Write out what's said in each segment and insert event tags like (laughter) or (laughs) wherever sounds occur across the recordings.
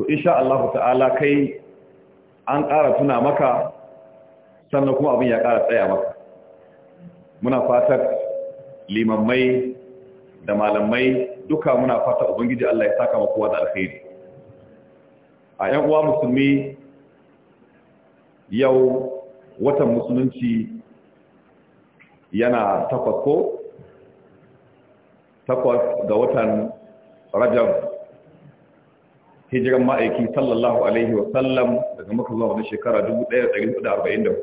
to insha Allah ta'ala kai an ƙara tuna maka sannan kuma abin ya ƙara tsaya maka muna fatar limammai da malamai duka muna fata ubangiji Allah ya saka kowa da alkhairi a 'yan uwa musulmi yau watan musulunci yana takwas ko takwas ga watan rajab hijiran ma'aiki sallallahu alaihi wa sallam daga maka zuwa wani shekara 1440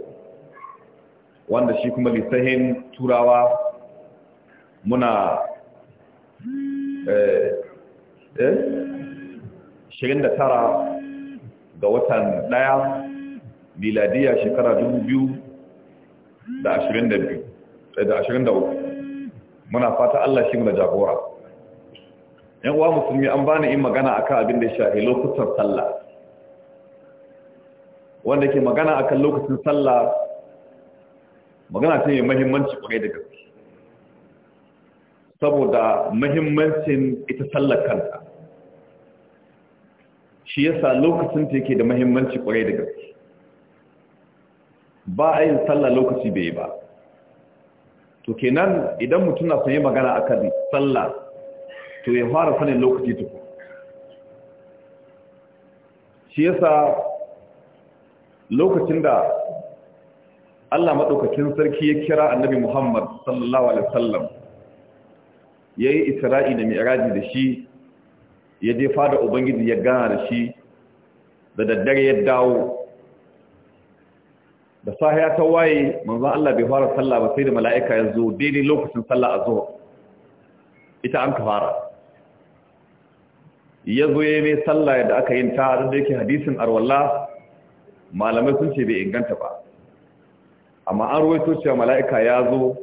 wanda shi kuma lissahin turawa muna eh eh 29 ga watan ɗaya miladiya shekara da 2023 eh, muna fata Allah shi muna jagora yan uwa musulmi an bani in magana akan abin da ya shafi lokutan sallah wanda ke magana akan lokacin sallah magana ce yi muhimmanci kwarai da gaske saboda muhimmancin ita sallar kanta shi yasa lokacin ta yake da muhimmanci kwarai da gaske ba a yin sallah lokaci bai ba to kenan idan mutum na son yi magana akan sallah to ya fara sanin lokaci tuku shi yasa lokacin da Allah maɗaukakin sarki ya kira annabi Muhammad sallallahu alaihi wasallam ya yi isra'i da mi'raji da shi ya je fada ubangiji ya gana da shi da daddare ya dawo da sahiya ta waye manzon Allah bai fara sallah ba sai da mala'ika ya zo daidai lokacin sallah a zuwa ita an ka fara ya zo ya mai sallah yadda aka yin ta da yake hadisin arwalla malamai sun ce bai inganta ba amma an ruwaito cewa mala'ika ya zo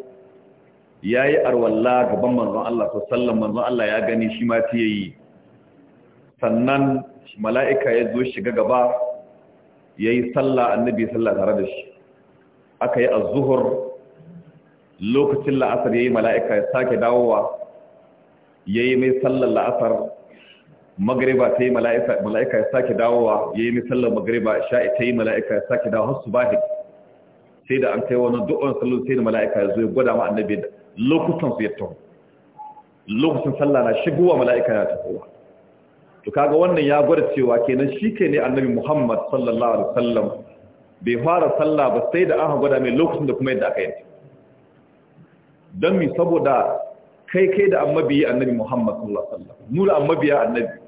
ya yi arwalla gaban manzon Allah to manzon Allah ya gani shi ma fiye yi sannan mala'ika ya zo shiga gaba ya yi sallah annabi sallah tare da shi aka yi azuhur lokacin la'asar ya yi mala'ika ya sake dawowa ya yi mai sallar la'asar magariba ta yi mala'ika ya sake dawowa ya yi misallar magariba sha'i ta yi mala'ika ya sake dawo har su bahi sai da an kai wani dukkan sallon sai da mala'ika ya zo ya gwada ma annabi da lokutan su ya taho lokacin sallah na shigowa mala'ika ya tahowa to kaga wannan ya gwada cewa kenan shi ke ne annabi muhammad sallallahu alaihi wasallam bai fara sallah ba sai da aka gwada mai lokutan da kuma yadda aka yi don mi saboda kai kai da annabi annabi muhammad sallallahu alaihi wasallam nuna annabi annabi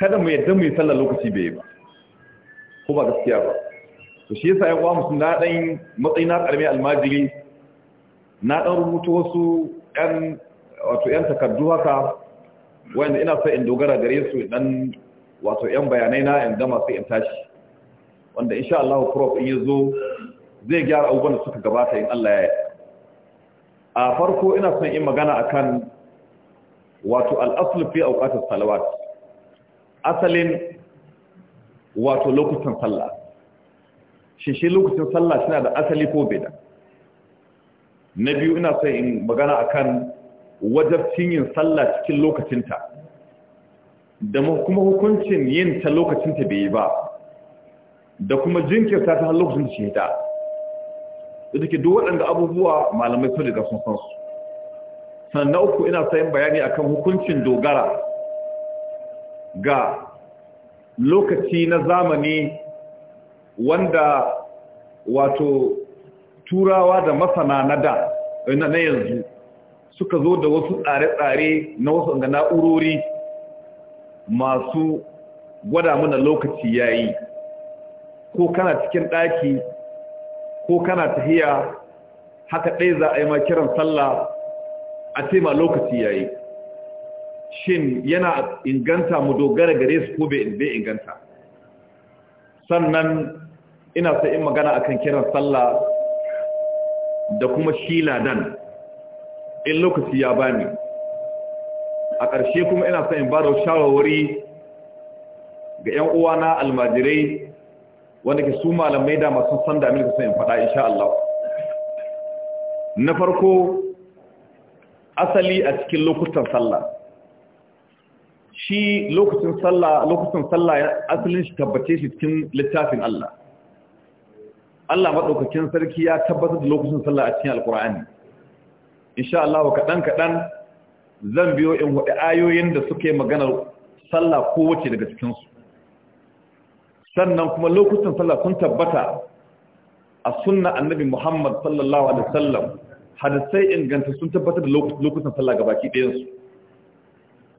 kada mu yadda mu yi sallar lokaci bai yi ba ko ba gaskiya ba to shi yasa yawa musu na dan matsayi na karmi almajiri na dan rubuta wasu yan wato yan takardu haka wanda ina sai in dogara gare su dan wato yan bayanai na in gama sai in tashi wanda insha Allah prof in yazo zai gyara abubuwan da suka gabata in Allah ya a farko ina son in magana akan wato al aslu fi as salawat asalin wato lokutan sallah shi shi lokacin sallah suna da asali ko bai da na biyu ina sai in magana akan wajabcin yin sallah cikin lokacinta da kuma hukuncin yin ta lokacinta bai yi ba da kuma jinkirta ta har lokacin da shi ta da take duk waɗanda abubuwa malamai sun riga sun san su sannan uku ina sayin bayani akan hukuncin dogara ga lokaci na zamani wanda wato turawa da masana na da eh, na yanzu suka zo da wasu tsare-tsare na wasu ga na'urori masu gwada mana lokaci yayi ko kana cikin ɗaki ko kana tahiya haka ɗaya za a yi ma kiran sallah a ce ma lokaci yayi shin yana inganta mu dogara gare su ko bai inganta sannan ina sai in magana akan kiran sallah da kuma Shiladan, dan in lokaci ya bani a ƙarshe kuma ina sai in ba da shawarwari ga 'yan uwana almajirai wanda ke su malamai da masu san da ka sai in faɗa insha Allah na farko asali a cikin lokutan sallah shi lokacin sallah lokacin sallah ya asalin shi tabbace shi cikin littafin Allah Allah madaukakin sarki ya tabbatar da lokacin sallah a cikin alqur'ani insha Allah wa kadan kadan zan biyo in wada ayoyin da suke magana sallah ko wace daga cikin su sannan kuma lokacin sallah sun tabbata a sunna annabi Muhammad sallallahu alaihi wasallam hadisai inganta sun tabbatar da lokacin sallah gabaki ɗayan su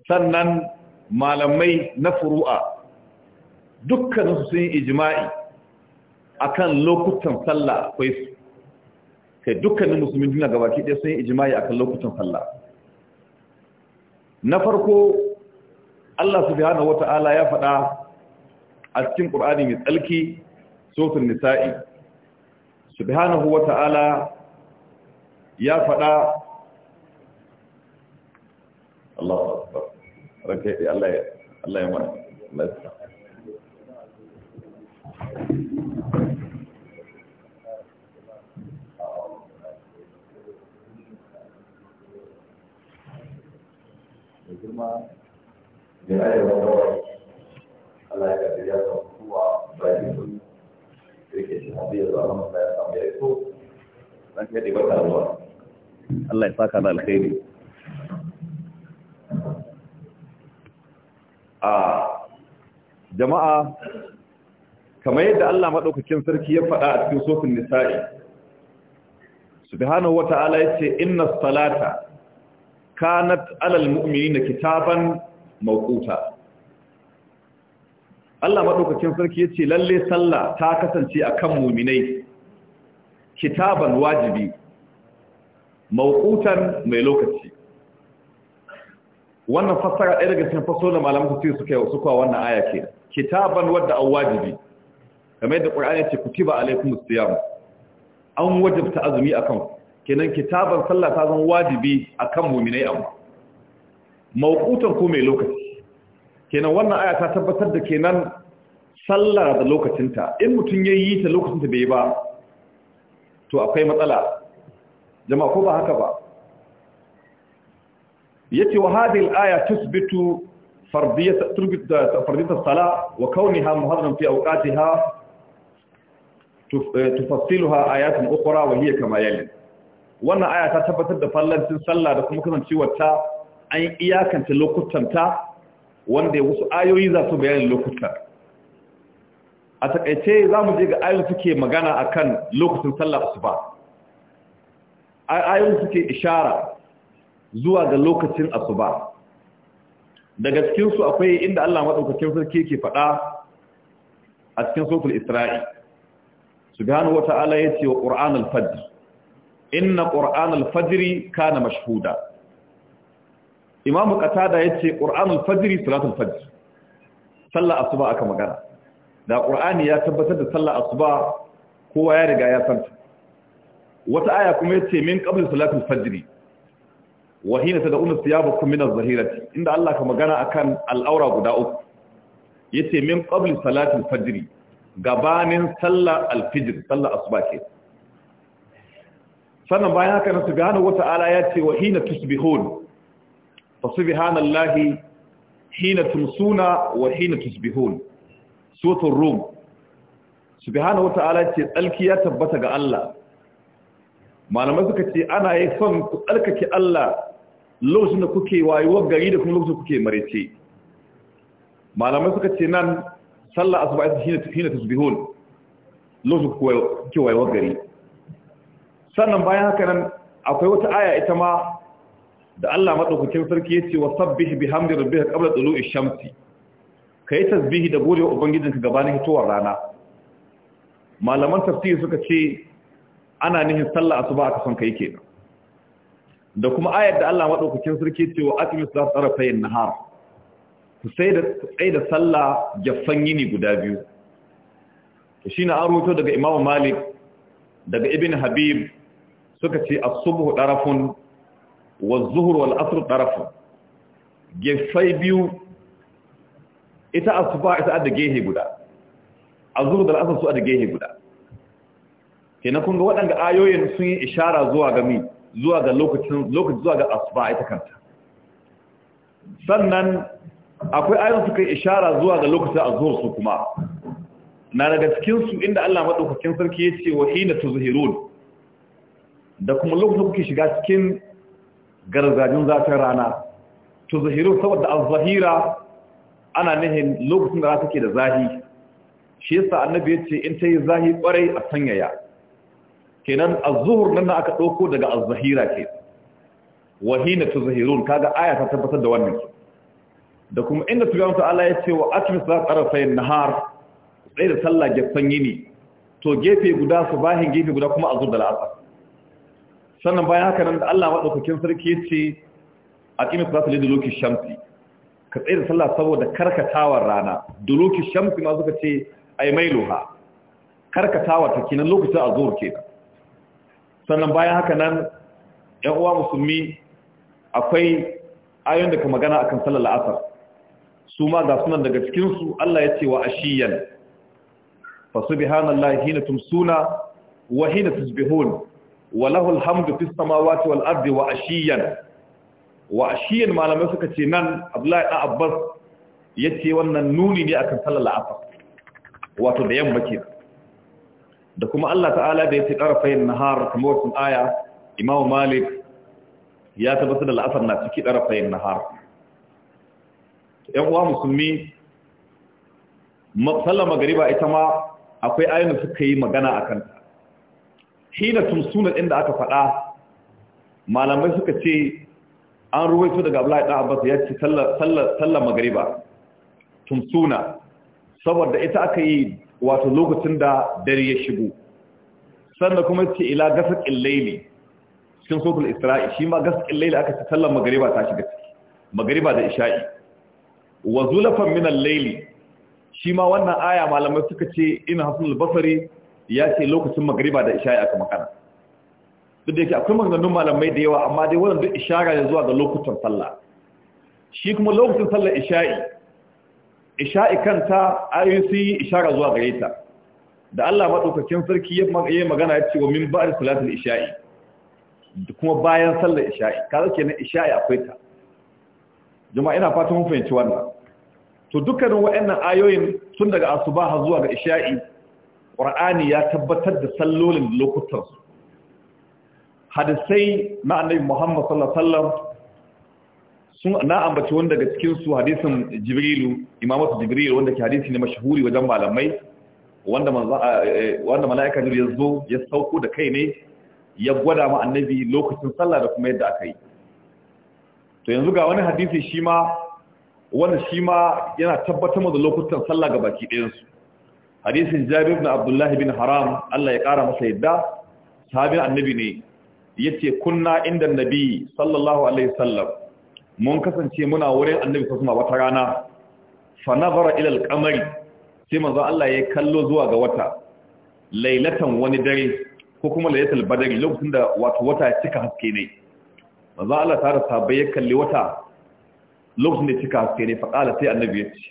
sannan malamai na furu'a dukkaninsu sun yi ijima'i akan lokutan sallah akwai su kai dukkanin musulmin duniya gabaki ɗaya sun yi ijima'i akan lokutan sallah na farko Allah subhanahu wata'ala ya faɗa a cikin Qur'ani mai tsalki suratul nisa'i subhanahu wata'ala ya faɗa Allah ranka ya Allah ya wani Allah ya saka da alkhairi jama'a kamar yadda Allah madaukakin sarki ya faɗa a cikin sofin nisa'i subhanahu wata'ala yace inna salata kanat alal na kitaban mawquta Allah madaukakin sarki yace lalle sallah ta kasance akan mu'minai kitaban wajibi mawqutan mai lokaci wannan fassara ɗaya daga cikin fassara malaman su suka yi suka wannan aya ke kitaban wadda an wajibi kamar yadda qur'ani ya ce kutiba alaikum siyam an wajibta azumi akan kenan kitaban sallah ta zama wajibi akan mu'minai amma mawqutan ko mai lokaci kenan wannan aya ta tabbatar da kenan sallah da lokacinta in mutun yi ta lokacinta bai ba to akwai matsala jama'a ko ba haka ba yace wa hadhihi al-aya tusbitu fardiyat turbit uh, fardiyat as-salah wa kawnaha muharram fi awqatiha uh, tufassiluha ayatun ukhra wa hiya kama yali wannan aya ta tabbatar da fallancin sallah da kuma kasancewarta an iyakanta lokutan ta wanda wasu ayoyi za su bayanin lokutan a takaice za mu je ga ayoyin suke magana akan lokacin sallah asuba ayoyin suke ishara zuwa ga lokacin asuba daga cikin su akwai inda Allah madaukakin sarki yake faɗa a cikin suratul isra'i subhanahu wata'ala yace wa qur'an al-fajr inna qur'an al-fajr kana mashhuda imam qatada yace qur'an al-fajr salatul fajr sallah asuba aka magana da qur'ani ya tabbatar da sallah asuba kowa ya riga ya santa wata aya kuma yace min qabl salatul fajr Wahina wa hina tad'una thiyabakum min az-zahirati inda Allah ka magana kan al'aura guda uku ya ce min qabli salatin fajiri, gabanin sallah al-fajr sallar asuba ke sannan bayan haka nasu gane wata ala ya ce, Wahina tusbihun fa Lahi, hina tumsuna wa hina tusbihun suratul rum subhanahu wata'ala ce tsalki ya tabbata ga Allah malamai suka ce ana yi son ku tsalkake Allah lokacin da kuke wayewar gari da kuma lokacin kuke marece malamai suka ce nan sallah asuba ita shine shine tasbihun lokacin kuke wayewar gari sannan bayan haka nan akwai wata aya ita ma da Allah madaukakin sarki yace wa sabbih bihamdi rabbika qabla tulu'i shamsi kai tasbihi da gode wa ubangijinka gabanin hitowar rana malaman tafsiri suka ce ana nihin sallah asuba aka son kai kenan da kuma ayar da Allah maɗaukakin sarki ce wa aqimis salat tarafayn nahar ku sai da sai da sallah jaffan yini guda biyu to shine an rubuto daga Imam Malik daga Ibn Habib suka ce as tarafun wa az zuhr wal-asr tarafun jaffai biyu ita as-subh ita da gehe guda az-zuhr da al-asr su da gehe guda kenan kun ga waɗanda ayoyin sun yi ishara zuwa ga mi zuwa ga lokacin lokacin zuwa ga asuba ita kanta sannan akwai ayoyin suka ishara zuwa ga lokacin azhur su kuma na daga cikin su inda Allah madaukakin sarki yace wa hina tuzhirun da kuma lokacin kuke shiga cikin garzajin zafin rana tuzhirun saboda azhira zahira ana nihin lokacin da take da zahi shi yasa annabi yace in tayi zahi kwarai a sanyaya kenan az-zuhur nan da aka dauko daga az-zahira ke hina tuzahirun kaga aya ta tabbatar da wannan da kuma inda tugawan ta Allah ya ce wa atmi za nahar sai da sallah sanyi ne to gefe guda su bahin gefe guda kuma azur da al'asar sannan bayan haka nan da Allah madaukakin sarki ya ce aqimis salata da duluki shamsi ka tsaye da sallah saboda karkatawar rana duluki shamsi ma suka ce ay mailuha karkatawa ta kinan lokacin zuhur kenan sannan bayan haka nan ‘yan uwa musulmi akwai ayon da ka magana akan sallar la'asar su ma ga sunan daga cikinsu Allah ya ce wa ashiyan fasu bi hannun hina tumsuna wa hina tusbihun wa lahul hamdu fi samawati wal ardi wa ashiyan wa ashiyan malamai suka ce nan Abdullahi da Abbas yace wannan nuni ne akan sallar la'asar wato da yamma kenan da kuma Allah ta'ala da ya ce ɗarafayin nahar kamar wacin aya imamu malik ya tabbatar da la'asar na ciki ɗarafayin nahar ‘yan uwa musulmi sallar magariba ita ma akwai ayyana suka yi magana a kanta shi tun sunan inda aka faɗa malamai suka ce an ruwaito daga abu ɗan abbas ya ce sallar magariba tumsuna saboda ita aka yi wato lokacin da dare ya shigo sannan kuma ce ila gasakin laili cikin sokul isra'i shi ma gasakin laili aka ci sallan magariba ta shiga ciki magariba da isha'i wa zulafan min al-laili shi ma wannan aya malamai suka ce ina hasan al ya ce lokacin magariba da isha'i aka makana duk da yake akwai maganganun malamai da yawa amma dai wannan duk ishara ne zuwa ga lokutan sallah shi kuma lokacin sallar isha'i isha'i kanta ayoyi sun yi ishara zuwa gare ta da Allah maɗaukakin sarki ya yi magana ya ce wa min ba'ar salatul isha'i da kuma bayan sallar isha'i ka zake na isha'i akwai ta jama'a ina fatan mun fahimci wannan to dukkanin wa'annan ayoyin tun daga asubaha zuwa ga isha'i qur'ani ya tabbatar da sallolin lokutan hadisai na annabi Muhammad sallallahu sun na ambaci wanda daga cikin su hadisin jibrilu imamatu jibrilu wanda ke hadisi ne mashahuri wajen malamai wanda manzo eh, eh, wanda ya zo ya sauko da kai ne ya gwada ma annabi lokacin sallah da kuma yadda aka yi to yanzu ga wani hadisi shi ma wanda shi ma yana tabbatar da lokutan sallah ga baki ɗayansu. su hadisin jabir ibn abdullah ibn haram Allah ya kara masa yadda sabin annabi ne ce kunna inda annabi sallallahu alaihi wasallam mun kasance muna wurin annabi sasuma wata rana fa nazara ila al sai manzo Allah ya kallo zuwa ga wata lailatan wani dare ko kuma lailatul badri lokacin da wato wata ya cika haske ne manzo Allah ta da sabai ya kalli wata lokacin da cika haske ne fa qala sai annabi ya ce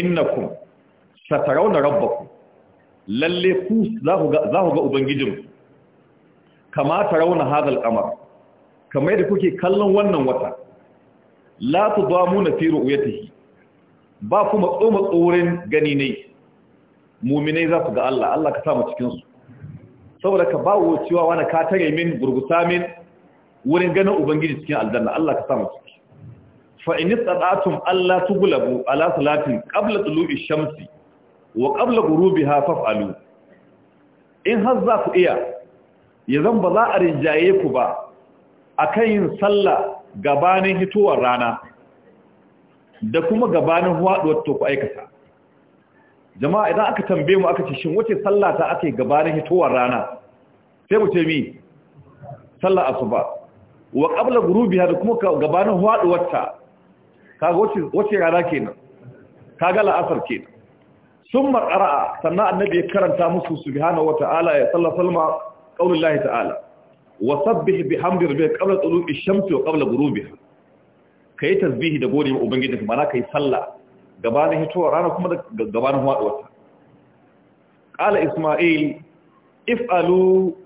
innakum satarawna rabbakum lalle ku za ku ga za ku ga ubangijinku kama tarawna hadal qamar kamar da kuke kallon wannan wata la tudamuna fi ru'yatihi ba kuma tsoma tsorin gani ne mu'mine za su ga Allah Allah ka sa cikin cikinsu saboda ka ba wa cewa wani ka tare min gurgusa min wurin ganin ubangiji cikin aljanna Allah ka sa mu ciki fa in tsadatun Allah tuglabu ala salati qabla tulu'i shamsi wa qabla ghurubiha faf'alu in har za ku iya ya zan ba za a rinjaye ku ba akan yin sallah gabanin hitowar rana da kuma gabanin haɗuwar toku ku aikata jama'a idan aka tambe mu aka ce shin wace sallah ta ake gabanin hitowar rana sai mu ce mi sallah asuba wa qabla ghurubiha da kuma gabanin haɗuwar ta kaga wace wace rana kenan kaga la'asar kenan summa qara'a sannan annabi ya karanta musu subhanahu wata'ala ya sallallahu alaihi wa sallam qaulullahi ta'ala wa sabbih bihamdi rabbika qabla tulu'i shamsi wa qabla ghurubiha kai tasbihi da gode ma ubangiji kuma kai sallah gabanin hitowa rana kuma da gabanin haduwarta qala isma'il if'alu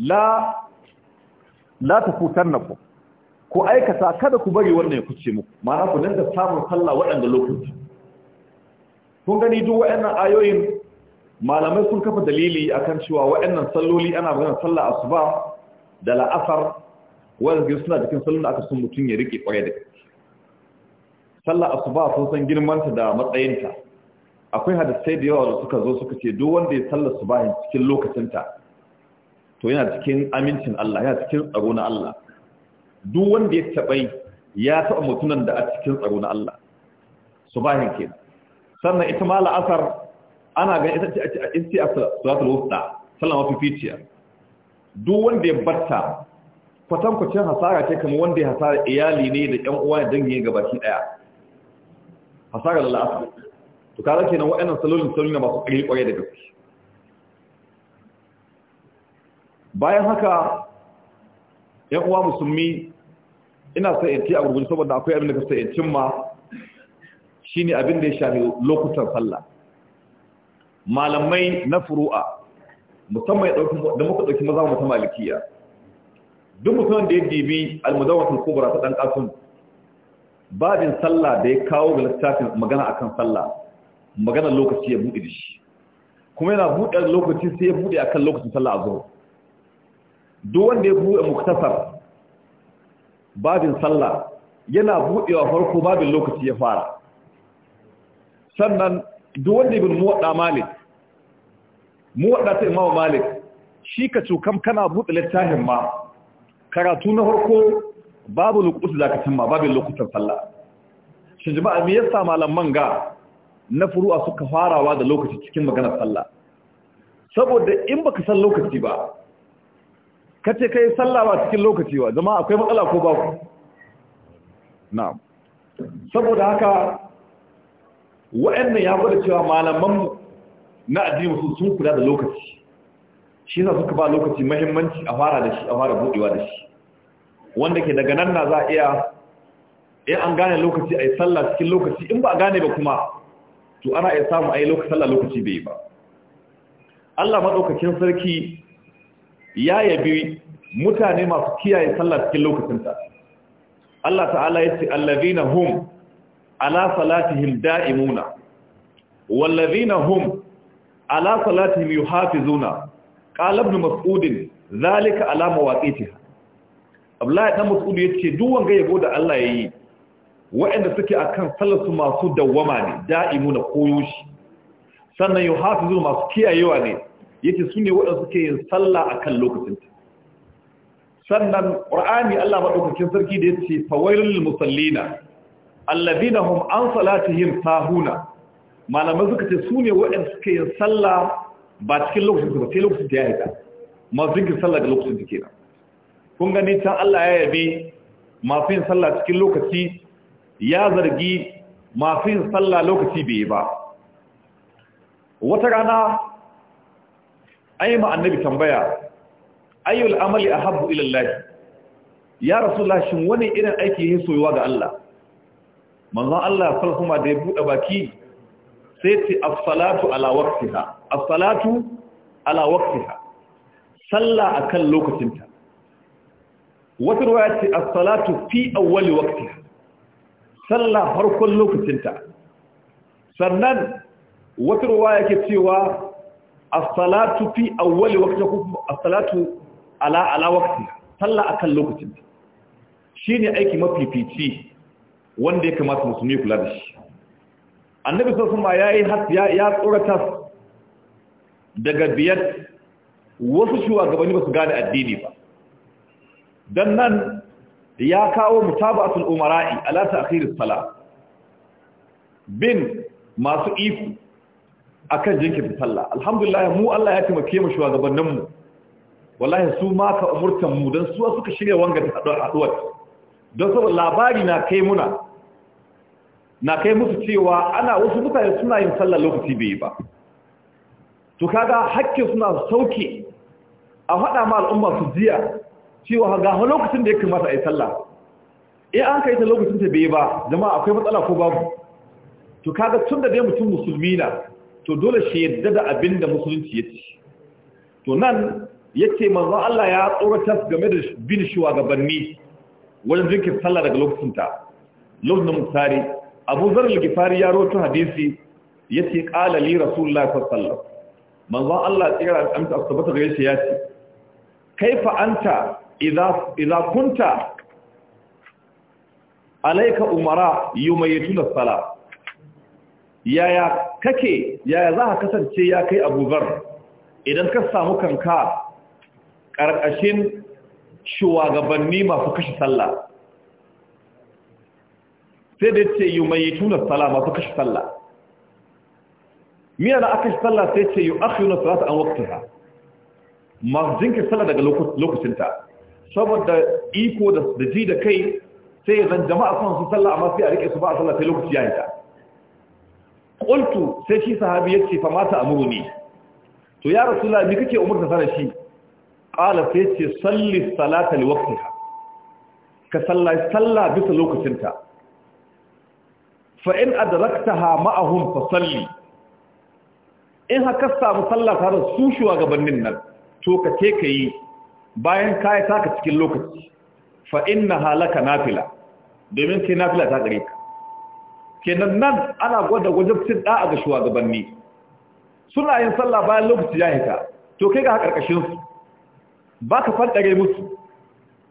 la la tafutannakum ku aikata kada ku bari wannan ya kuce muku ma'ana ku dinga samun sallah waɗanda lokaci kun gani duk wayannan ayoyin malamai sun kafa dalili akan cewa wayannan salloli ana magana sallah asuba da la'asar wanda ke suna cikin salon da aka sun mutum ya riƙe ƙwarai da sallar asuba sun san girmanta da matsayinta akwai hadisai da yawa da suka zo suka ce duk wanda ya sallar subahin cikin lokacinta to yana cikin amincin Allah yana cikin tsaro na Allah duk wanda ya taɓa ya taɓa mutunan da a cikin tsaro na Allah subahin ke sannan ita ma la'asar ana ganin ita ce a salatul wusta sallar mafi duk wanda ya batta kwatankwacin hasara ce kama wanda ya hasara iyali ne da ƴan uwa da dangi ga baki ɗaya, hasara da la'asar to ke nan waɗannan salolin salolin na masu ƙari ƙwarai da gaske bayan haka ƴan uwa musulmi ina sa in a gurgurji saboda akwai abin da ka sa in shi shine abin da ya shafi lokutan sallah malamai na furu'a musamman ya dauki da muka dauki maza mu malikiya duk mutumin da ya dibi al-mudawwatul kubra ta dan kasun babin sallah da ya kawo ga littafin magana akan sallah magana lokaci ya bude shi kuma yana bude lokaci sai ya bude akan lokacin sallah azhar duk wanda ya bude muktasar babin sallah yana budewa farko babin lokaci ya fara sannan duk wanda ibn muwadda malik mu wadda ta imamu malik shi ka cokam kana buɗe littafin ma karatu na harko babu lokutu da ka cimma babu lokutan sallah shi jima'a mai yasa malaman ga na furuwa suka farawa da lokaci cikin maganar sallah saboda in ba ka san lokaci ba ka ce kai yi sallawa cikin lokaci ba zama akwai matsala ko ba ku na'am saboda haka wa'annan ya gwada cewa malaman na addini su sun kula da lokaci shi na suka ba lokaci mahimmanci a fara da shi a fara budewa da shi wanda ke daga nan na za a iya in an gane lokaci a yi sallah cikin lokaci in ba a gane ba kuma to ana iya samu a yi sallah lokaci bai ba Allah maɗaukakin sarki ya yabi mutane masu kiyaye sallah cikin lokacinta Allah ta'ala ya ce allazina hum ala salatihim da'imuna wallazina hum ala salatihim yuhafizuna qala ibn mas'ud zalika ala mawaqitiha abdullahi dan mas'ud yace duk wanga yabo da Allah yayi waɗanda suke akan salatu masu dawwama ne da'imu na koyo shi sannan yuhafizuna masu kiyayewa ne yace sune waɗanda suke yin sallah akan lokacin ta sannan qur'ani Allah madaukakin sarki da yace fawailul musallina alladhina hum an salatihim sahuna malamai suka ce su ne waɗanda suka yin sallah ba cikin lokacin ba sai lokacin da ya haita masu zinkin sallah ga lokacin ta kenan kun gani can Allah ya yabe masu yin sallah cikin lokaci ya zargi masu yin sallah lokaci bai ba wata rana an annabi tambaya ayyul amali a ila Allah ya rasulullah shin wani irin aiki yake soyuwa ga Allah manzon Allah ya alaihi da ya buɗe baki sai ce "Asalatu ala waqtiha as ala waqtiha sallah akan lokacinta wata ruwaya ce "Asalatu fi awwali waqtiha sallah farkon lokacinta sannan wata ruwaya ke cewa "Asalatu fi awwali waqtiha "Asalatu ala ala waqtiha sallah akan lokacinta shine aiki mafifici wanda ya kamata musulmi kula da shi annabi sosu ma ya yi ya tsorata daga biyar wasu shugabanni ba su gane addini ba don nan ya kawo mutaba'atul umara'i ala ta'khir sala bin masu a kan jinkirta sallah alhamdulillah mu Allah ya taimake mu shugabanninmu mu wallahi su ma ka umurtan mu dan su suka shirya wanga a haduwar don saboda labari na kai muna na kai musu cewa ana wasu mutane suna yin sallar lokaci bai ba to kaga hakkin suna sauke a faɗa ma al'umma su jiya cewa ga lokacin da ya kamata a yi sallah in an kai ta lokacin ta bai ba jama'a akwai matsala ko babu to kaga tun da dai mutum musulmi na to dole shi yadda da abinda musulunci ya ci to nan ya ce manzo Allah ya tsoratar game da bin shuwagabanni wajen jinkin sallah daga lokacin ta lokacin da abu zarar gifari ya roto hadisi ya ce ƙala rasulullah Allah tsira da amsa asabata gare shi ya ce kaifa anta idza idza kunta alayka umara yumayituna sala yaya kake yaya za ka kasance ya kai abubuwar idan ka samu kanka ƙarƙashin shugabanni masu kashe sallah sai da ce yi mai tuna sala masu kashe sallah miya na aka shi sallah sai ce yi aka yi na salata an wakta ta masu jinkir sallah daga lokacinta saboda iko da ji da kai sai ya zan jama'a sun su sallah amma sai a rike su ba a sallah sai lokaci ya yi ta ƙultu sai shi sahabi ya ce mata a muruni to ya rasu la ni kake umarta sana shi ƙala sai ce salli salata li wakta ka sallaye sallah bisa lokacinta fa'in adraktaha ma'ahum fa salli in haka samu sallah tare da su gabanin nan to ka ce ka yi bayan taka cikin lokaci fa inna halaka nafila domin kai nafila ta gare ka kenan nan ana gwada wajibcin da'a ga gabanin suna yin sallah bayan lokaci ya hita to kai ga karkashin Ba ka fadare musu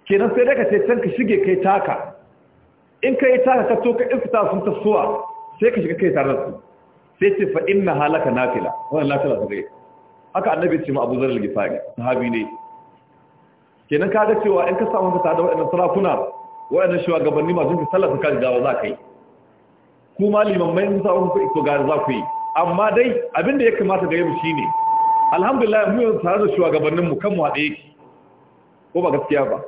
kenan sai daga ce can ka shige kai taka in ka yi taka ka to ka ifta sun tasowa sai ka shiga kai tare da su sai ce fa inna halaka nafila wannan nafila su gai haka annabi ce ma Abu Zar al-Ghifari sahabi ne kenan ka ga cewa in ka samu ka tare da waɗannan sarakuna waɗannan shugabanni masu sallah ka gawa za ka yi Ku kuma mai musa wani ku iko gari za ku yi amma dai abin da ya kamata ga mu shine alhamdulillah mu yanzu tare da mu kan mu haɗe ko ba gaskiya ba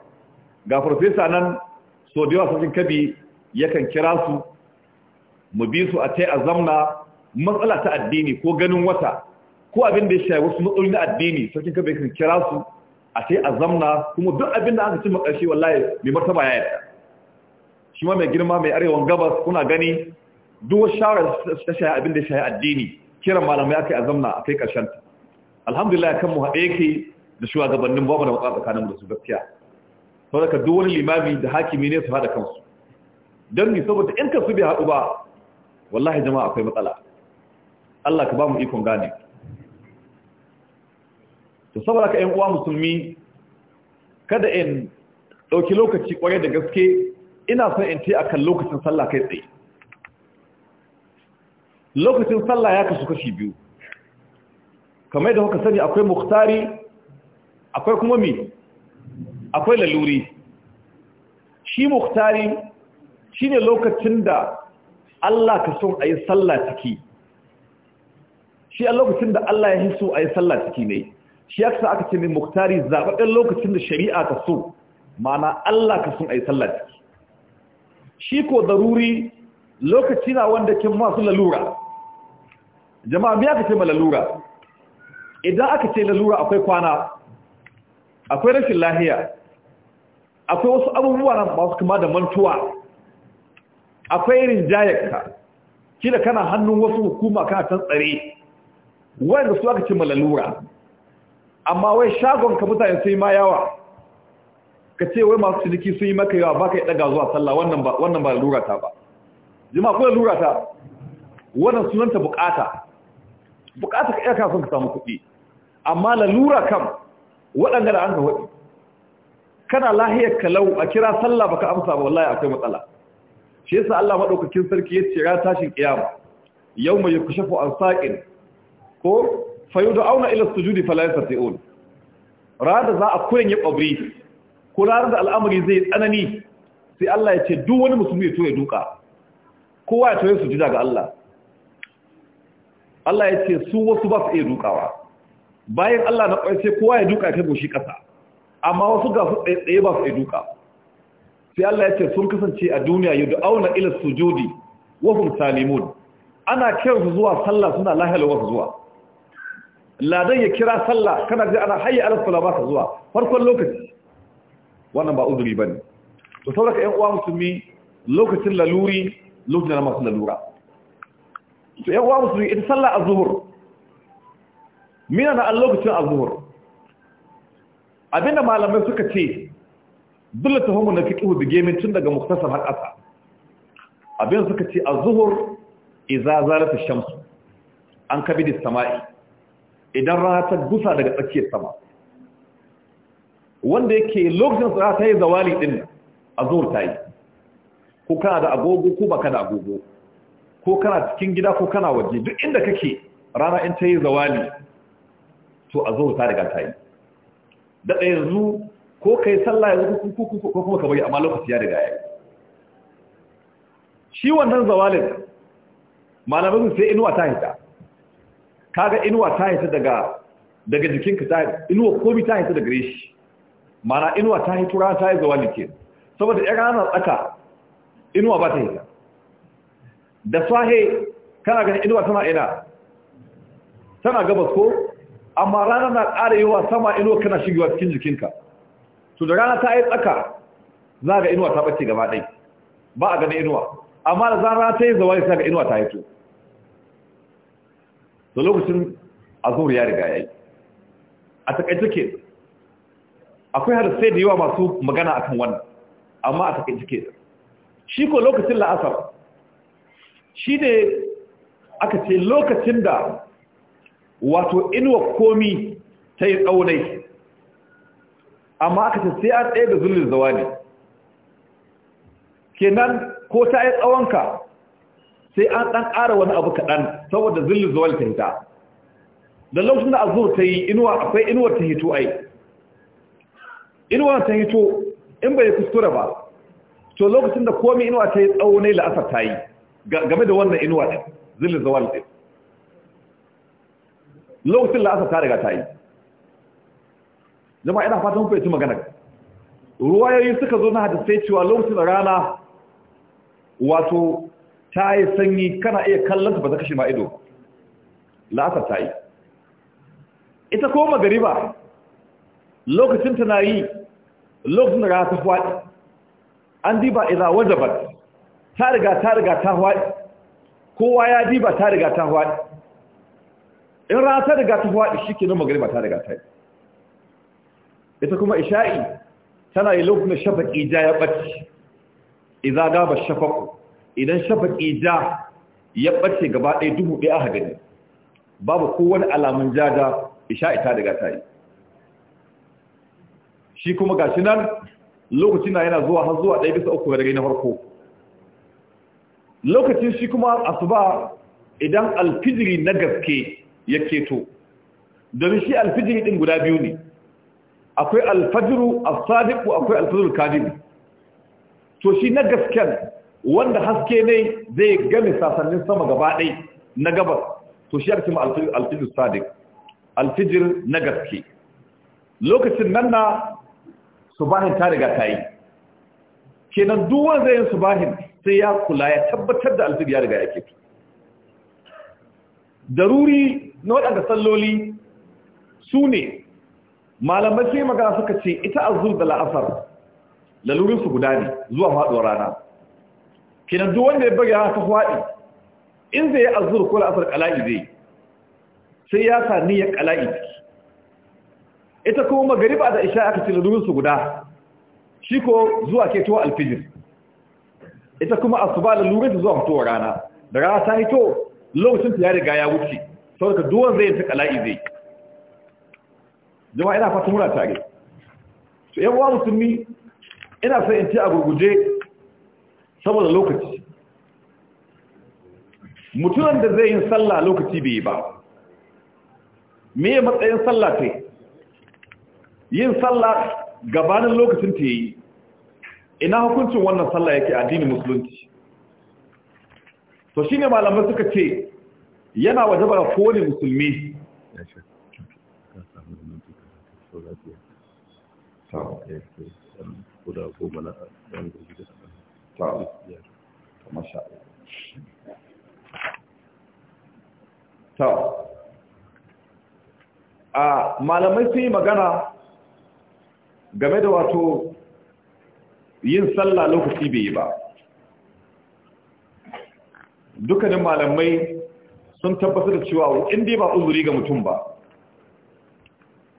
ga farfesa nan so da yawa sarkin kabi yakan kira su mu bi su a tai a zamna matsala ta addini ko ganin wata ko abin da ya shaye wasu matsaloli na addini sarkin kabi yakan kira su a tai a zamna kuma duk abin da aka cimma ƙarshe wallahi mai martaba ya yarda shi ma mai girma mai arewan gabas kuna gani duk wasu shawarar ta shaye abin da ya shaye addini kiran malamai aka yi a zamna a kai ƙarshen ta alhamdulillah kan mu haɗe yake da shugabannin babu da matsala tsakaninmu da su gaskiya sau ka duk wani limami da hakimi ne su hada kansu don ni saboda in su bai haɗu ba wallahi jama'a akwai matsala Allah ka ba mu ikon gane to saboda ka ‘yan uwa musulmi kada in ɗauki lokaci ƙwarai da gaske ina son in ce akan lokacin sallah kai tsaye lokacin sallah ya kasu kashi biyu kamar da kuka sani akwai muktari akwai kuma mi akwai laluri shi muhtari shi ne lokacin da Allah ka so a yi sallah ciki shi a lokacin da Allah ya so a yi sallah ciki ne shi ya kasa aka ce ne muhtari zaɓaɓɓen lokacin da shari'a ka so mana Allah ka so a yi sallah ciki shi ko daruri lokaci na wanda ke masu lalura jama'a me aka ce ma lalura idan aka ce lalura akwai kwana akwai rashin lahiya akwai wasu abubuwa na masu kama da mantuwa akwai Ki kila kana hannun wasu hukuma kana can tsare da su aka ce malalura amma wai shagon ka mutane sun yi ma yawa ka ce wai masu ciniki sun yi maka yawa baka yi daga zuwa sallah wannan ba lura ta ba jima ko lura ta wannan sunanta bukata bukata ka iya kafin ka samu kuɗi amma lalura kam waɗanda da an ka waɗi kana lahiyar kalau a kira sallah baka amsa ba wallahi akwai matsala shi yasa Allah madaukakin sarki ya ce ra tashin kiyama yawma yukashafu an saqin ko fayud'auna ila sujudi fala yastati'un rada za a ya kabri ko rada da al'amari zai tsanani sai Allah ya ce duk wani musulmi ya toye duka kowa ya toye sujuda ga Allah Allah ya ce su wasu ba su iya dukawa bayan Allah na kwaye sai kowa ya duka ta goshi kasa amma wasu ga su tsaye ba su duka sai Allah ya ce sun kasance a duniya yadda auna ila sujudi wa hum salimun ana kiran su zuwa sallah suna lahiyar wasu zuwa ladan ya kira sallah kana ji ana hayya ala sala ba zuwa farkon lokaci wannan ba uzuri bane to saboda ƴan uwa musulmi lokacin laluri lokacin da masu lalura to ƴan uwa musulmi ita sallah azhur mina na lokacin azhur abinda malamai suka ce dole tahumu na fiƙi hudu gemin tun daga muktasar har ƙasa abin suka ce a zuhur idza zalat shamsu an an da samai idan rana ta gusa daga tsakiyar sama wanda yake lokacin tsara ta yi zawali din a zuhur ta yi ko kana da agogo ko baka da agogo ko kana cikin gida ko kana waje duk inda kake rana in ta yi zawali to a zuhur ta riga ta yi daɗa yanzu ko kai yi sallah yanzu ko kuma ka bari amma lokaci ya riga ya yi shi wannan zawalin malamin sai inuwa ta hita kaga inuwa ta hita daga daga jikinka ta inuwa komi ta hita daga reshi, mana inuwa ta hita ran ta yi zawalin ke saboda ya gana tsaka inuwa ba ta hita da sahe kana ganin inuwa tana ina tana gabas ko amma rana na ƙara wa sama inuwa kana shigewa cikin jikinka to da rana ta yi tsaka za ga inuwa ta ɓace gaba ɗai ba a ganin inuwa amma da zan rana ta yi zawari sa ga inuwa ta haito da lokacin azur ya riga ya yi a taƙaice ke akwai har sai da yawa masu magana akan wannan amma a taƙaice ke shi ko lokacin la'asar shi ne aka ce lokacin da wato inuwa komi ta yi tsaunai amma aka ce sai an tsaye da zullin zawali kenan ko ta yi tsawonka sai an ɗan ƙara wani abu kaɗan saboda zulun zawa ta hita da laushin da azur ta yi inuwa akwai inuwar ta hito ai inuwar ta hito in bai kuskure ba to lokacin da komi inuwa ta yi tsaunai la'asar ta yi game da wannan inuwa ɗin zawa zawal ɗin lokacin la'asar ta riga ta yi jama'a ina fatan ku yi magana ruwayoyi suka zo na hadisai cewa lokacin rana wato ta yi sanyi kana iya kallon ta ba ta kashe ma ido la'asar ta yi ita ko magariba lokacin ta na yi lokacin da rana ta faɗi an diba iza wajabat ta riga ta riga ta faɗi kowa ya diba ta riga ta faɗi in rana ta riga ta faɗi shi ke nan magariba ta daga ta yi ita kuma isha'i tana yi lokuna shafaƙi ja ya ɓace idan gaba shafaƙo idan shafaƙi ja ya ɓace gaba ɗaya dubu ɗaya a gani babu kowane alamun jaja isha'i ta daga ta yi shi kuma ga shi nan lokaci na yana zuwa har zuwa ɗaya bisa uku daga na farko lokacin shi kuma asuba idan alfijiri na gaske ya keto domin shi alfijiri din guda biyu ne akwai alfajiru a sadiku akwai alfajiru kadib to shi na gasken wanda haske ne zai game sasannin sama gaba ɗai na gabas to shi ake ma alfijir sadiq alfijir na gaske lokacin nan na subahin ta riga ta yi kenan duwan zai yin subahin sai ya kula ya tabbatar da alfijir ya riga ya keto daruri na waɗanda salloli su ne malamai sai magana suka ce ita azul da la'asar lalurinsu guda ne zuwa faɗuwar rana kinan duk wanda ya bagaya ta faɗi in zai yi azul ko la'asar ƙala'i zai sai ya sa niyyar ƙala'i ita kuma magariba da isha aka ce lalurinsu guda shi ko zuwa ketowa alfijir ita kuma asuba lalurinsu zuwa fitowar rana da rana ta hito lokacin ya riga ya wuce saboda duwan zai ta kala'i zai jama'a ina fatan mura tare to yan uwa musulmi ina sai in ci a gurguje saboda lokaci mutumin da zai yin sallah lokaci bai ba me ya matsayin sallah ta yin sallah gabanin lokacin ta yi ina hukuncin wannan sallah yake addinin musulunci to shine malamai suka ce yana wajaba ga kowane musulmi a malamai sun yi magana game da wato yin sallah lokaci bai yi ba dukkanin malamai sun tabbatar da cewa in dai ba uzuri ga mutum ba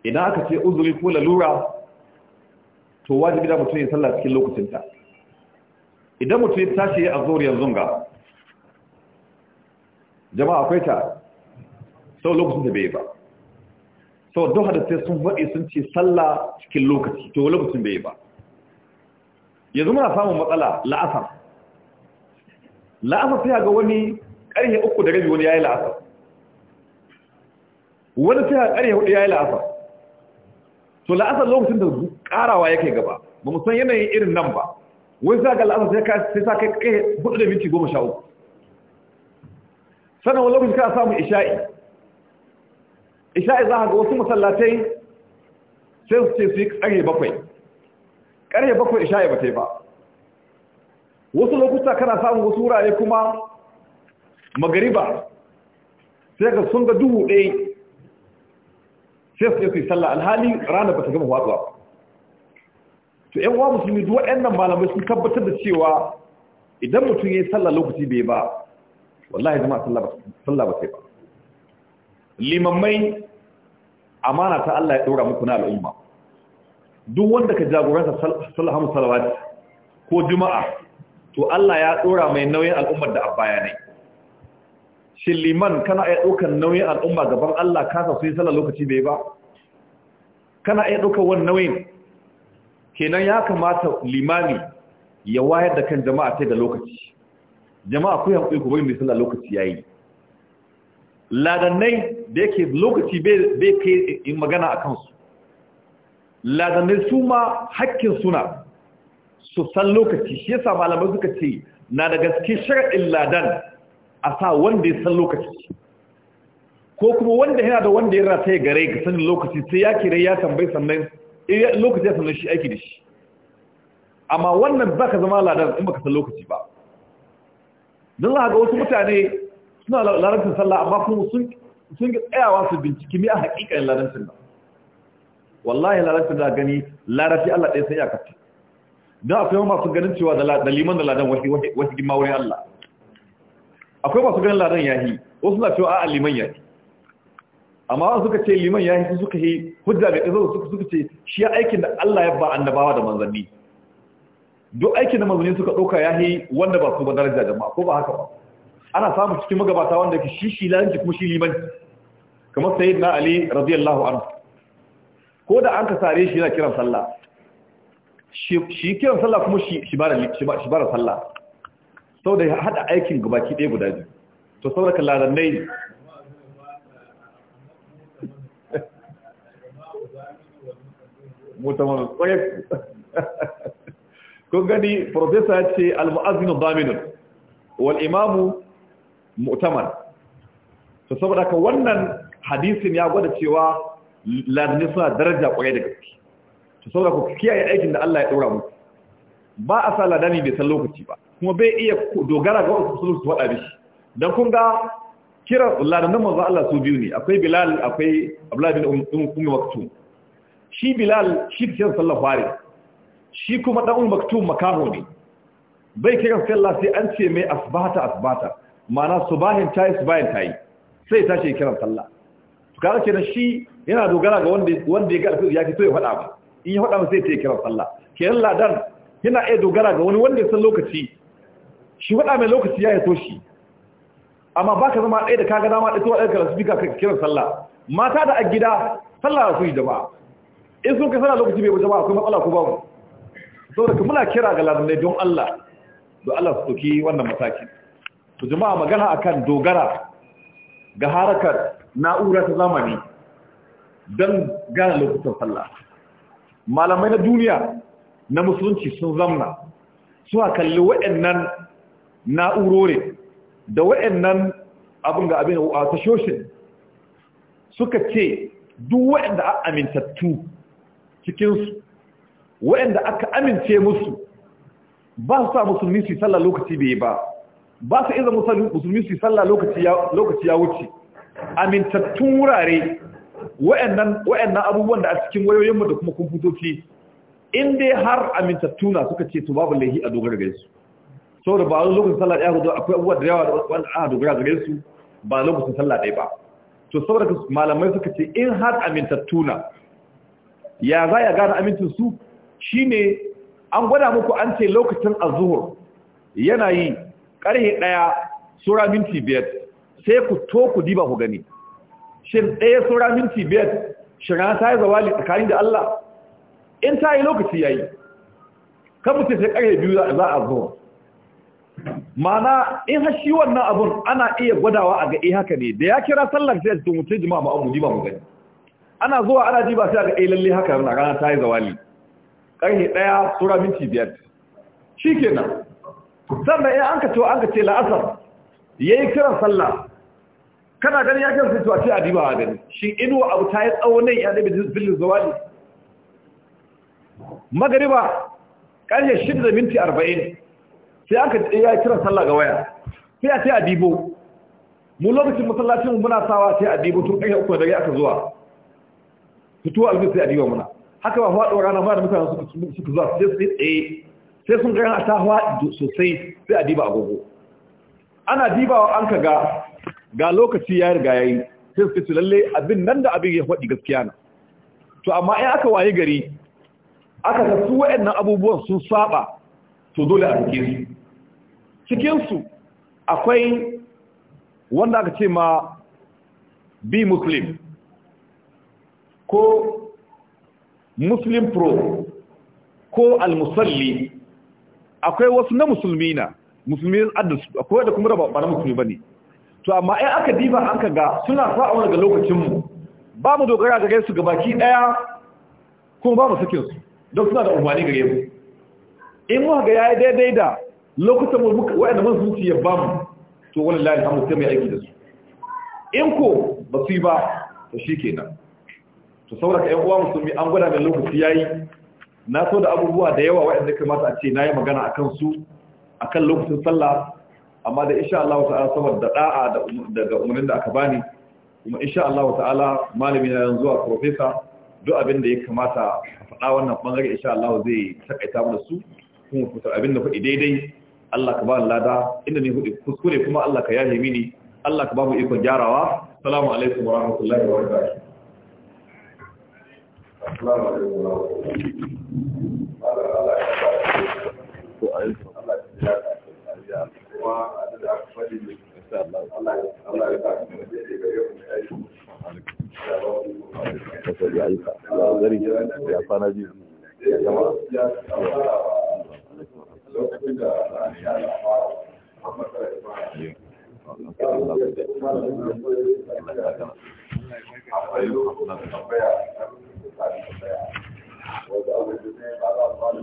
idan aka ce uzuri ko lalura to wajibi da mutum ya sallah cikin lokacinta idan mutum ya tashi a zuri yanzu ga jama'a akwai ta sau lokacin da bai ba sau don hadasai sun faɗi sun ce sallah cikin lokaci to lokacin bai ba yanzu muna samun matsala la'asar la'afa fiya ga wani ƙarhe uku da rabi wani ya yi la'asar wani fiya ga ƙarhe hudu ya yi la'asar to la'asar lokacin da ƙarawa ya gaba ba mu san yanayin irin nan ba wani sai ga la'asar sai sa kai ƙarhe hudu da minti goma sha uku sannan wani lokacin ka samu isha'i isha'i za a ga wasu masallatai sai su ce su yi ƙarhe bakwai ƙarhe bakwai isha'i ba ta yi ba wasu lokuta kana samun wasu wurare kuma magariba sai ka sun ga duhu ɗaya sai su yi sallah alhali rana ba ta gama watsuwa to ƴan wa musulmi 'yan nan malamai sun tabbatar da cewa idan mutum ya yi sallah lokaci bai ba wallahi jama'a sallah ba sai ba limammai amana ta Allah ya ɗora muku na al'umma duk wanda ka jagoranta sallah hamu ko juma'a to Allah ya tsora mai nauyin al'ummar da a ne shin liman kana iya ɗaukar nauyin al'umma gaban Allah kasa su yi sallar lokaci bai ba kana iya ɗaukar wani nauyin kenan ya kamata Limami ya wayar da kan jama'a ta da lokaci jama'a ku hankali ku bai mai sallar lokaci yayi ladannai da yake lokaci bai kai magana a kansu ladannai su ma hakkin suna su san lokaci shi yasa malamai suka ce na da gaske sharaɗin ladan a sa wanda ya san lokaci ko kuma wanda yana da wanda ya rataye gare ga sanin lokaci sai ya kira ya tambayi sannan eh, lokaci ya sannan shi aiki da shi amma wannan ba ka zama ladan in baka san lokaci ba don za ga wasu mutane suna larantar sallah amma kuma sun tsayawa su binciki mai a haƙiƙanin larantar nan wallahi larantar da gani larafi allah ɗaya sai ya kafin don akwai masu ganin cewa da liman da ladan wasu gima wurin Allah akwai masu ganin ladan yahi wasu na cewa a liman yahi amma wasu suka ce liman yahi su suka yi hujja mai ƙasar suka suka ce shi ya aikin da Allah ya ba annabawa da manzanni duk aikin da manzanni suka ɗauka yahi wanda ba su ba daraja jama'a ko ba haka ba ana samun cikin magabata wanda ke shi shi lalanci kuma shi liman kamar sayyidina ali radiyallahu anhu ko da an ka sare shi yana kiran sallah shi kiran sallah kuma shi bara sallah sau da haɗa aikin gabaki ɗaya guda ji to sau da kallarannai (laughs) mutamanu tsaye (laughs) kun gani profesa ce al-mu'azinu daminu wal imamu mu'tamar to saboda ka wannan hadisin ya gwada cewa larni suna daraja kwaye da gaske to saboda ku kiyaye aikin da Allah ya daura muku ba a sa ladani bai san lokaci ba kuma bai iya dogara ga wasu sulhu su faɗa mishi dan kun ga kira ladanan manzo Allah su biyu ne akwai Bilal akwai abdullahi bin Ummi Maktum shi Bilal shi ke sallar fare shi kuma dan Ummi Maktum makaho ne bai kira sallah sai an ce mai asbata asbata ma'ana subahin tayi subahin tayi sai tashi kira sallah to kaga kenan shi yana dogara ga wanda wanda ya ga ya fito ya faɗa ba in yi faɗa zai ta yi kira sallah kenan ladan yana iya dogara ga wani wanda ya san lokaci shi faɗa mai lokaci ya yi shi amma ba ka zama ɗaya da kaga dama ɗaya ɗaya kala su ka kiran sallah mata da a gida sallah su yi jama'a in sun ka sallah lokaci bai jama'a akwai matsala ko babu da ka muna kira ga lalunai don Allah don Allah su ɗauki wannan matakin to jama'a magana akan dogara ga harakar na'ura ta zamani don gane lokutan sallah malamai na duniya na musulunci sun zamna suka kalli wa'annan na'u'rore da wa'annan abin ga abin a tashoshin suka ce duk wa'anda aka amintattu cikinsu wa'anda aka amince musu ba su sa musulmi su sallah lokaci bai ba ba su iza musulmi su sallah lokaci ya wuce amintattun wurare wa'annan wa'annan abubuwan da a cikin wayoyin mu da kuma kwamfutoci in dai har amintattuna suka ce to babu laihi a dogara gare su saboda ba wani lokacin sallah ɗaya ga akwai abubuwa da yawa da wanda aka dogara gare su ba lokacin sallah ɗaya ba to saboda malamai suka ce in har amintattuna ya za ya gane amincin su shine an gwada muku an ce lokacin azuhur yana yi ƙarhe ɗaya sura minti biyar sai ku to ku diba ku gani shin ɗaya saura minti biyar shiga ta yi zawali tsakanin da Allah in ta yi lokaci ya yi kan ce sai ƙarfe biyu za a zuwa mana in hashi wannan abun ana iya gwadawa a ga iya eh, haka ne da ya kira sallar sai da mutum jima ma abu jima mu gani ana zuwa ana ji ba sai a ga eh lalle haka na rana ta yi zawali ƙarfe ɗaya sura minti biyar shi kenan sannan in an ka ce an la'asar ya yi kiran sallah kana ganin ya kan sai a ce a diba a gani shi inuwa abu ta yi tsawo nan ya dabi zillin ne? magariba ƙarshe shi da minti arba'in sai aka ya kiran sallah ga waya sai a ce a dibo mu lokacin masallacin muna sawa sai a dibo tun ƙarfe uku dare aka zuwa fito albin sai a diba muna haka ba faɗo rana ba da mutane suka zuwa sai je su tsaye sai sun gana ta faɗi sosai sai a diba agogo ana dibawa an ka ga ga lokaci ya riga yayi sai su ce lalle abin nan da abin ya faɗi gaskiya na to amma in aka waye gari aka ga su waɗannan abubuwan sun saba to dole a cikin su cikin su akwai wanda aka ce ma bi muslim ko muslim pro ko al-musalli akwai wasu na musulmi na musulmi akwai da kuma ba na musulmi ba ne to amma ai aka diba an ka ga suna wani ga lokacinmu ba mu dogara gaisu ga baki daya kuma ba mu sakin su don suna da umarni gare mu in mu ga yayi daidai da lokutan mu da mun sunci ya ba mu to wallahi an sai mai aiki da su in ko ba su yi ba to shikenan to saboda 'yan uwa musulmi an gwada mai lokaci yayi na so da abubuwa da yawa wa'anda kamata a ce nayi magana akan su akan lokacin sallah amma da insha Allah ta'ala saboda da'a daga umarnin da aka bani kuma insha Allah ta'ala malami na yanzu a professor duk abin da ya kamata a faɗa wannan bangare insha Allah zai takaita mu da su kuma fitar abin da faɗi daidai Allah ka ba mu lada inda ne hudu kuskure kuma Allah ka yaje mini Allah ka ba mu iko gyarawa assalamu alaikum wa wabarakatuh assalamu alaikum wa rahmatullahi wa barakatuh kuma a da aka faɗi ne Allah ya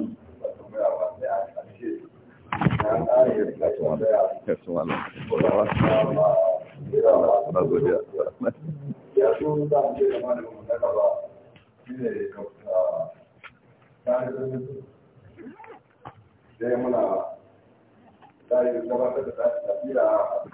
Allah ya da ya muna da ya gabatar da tafiya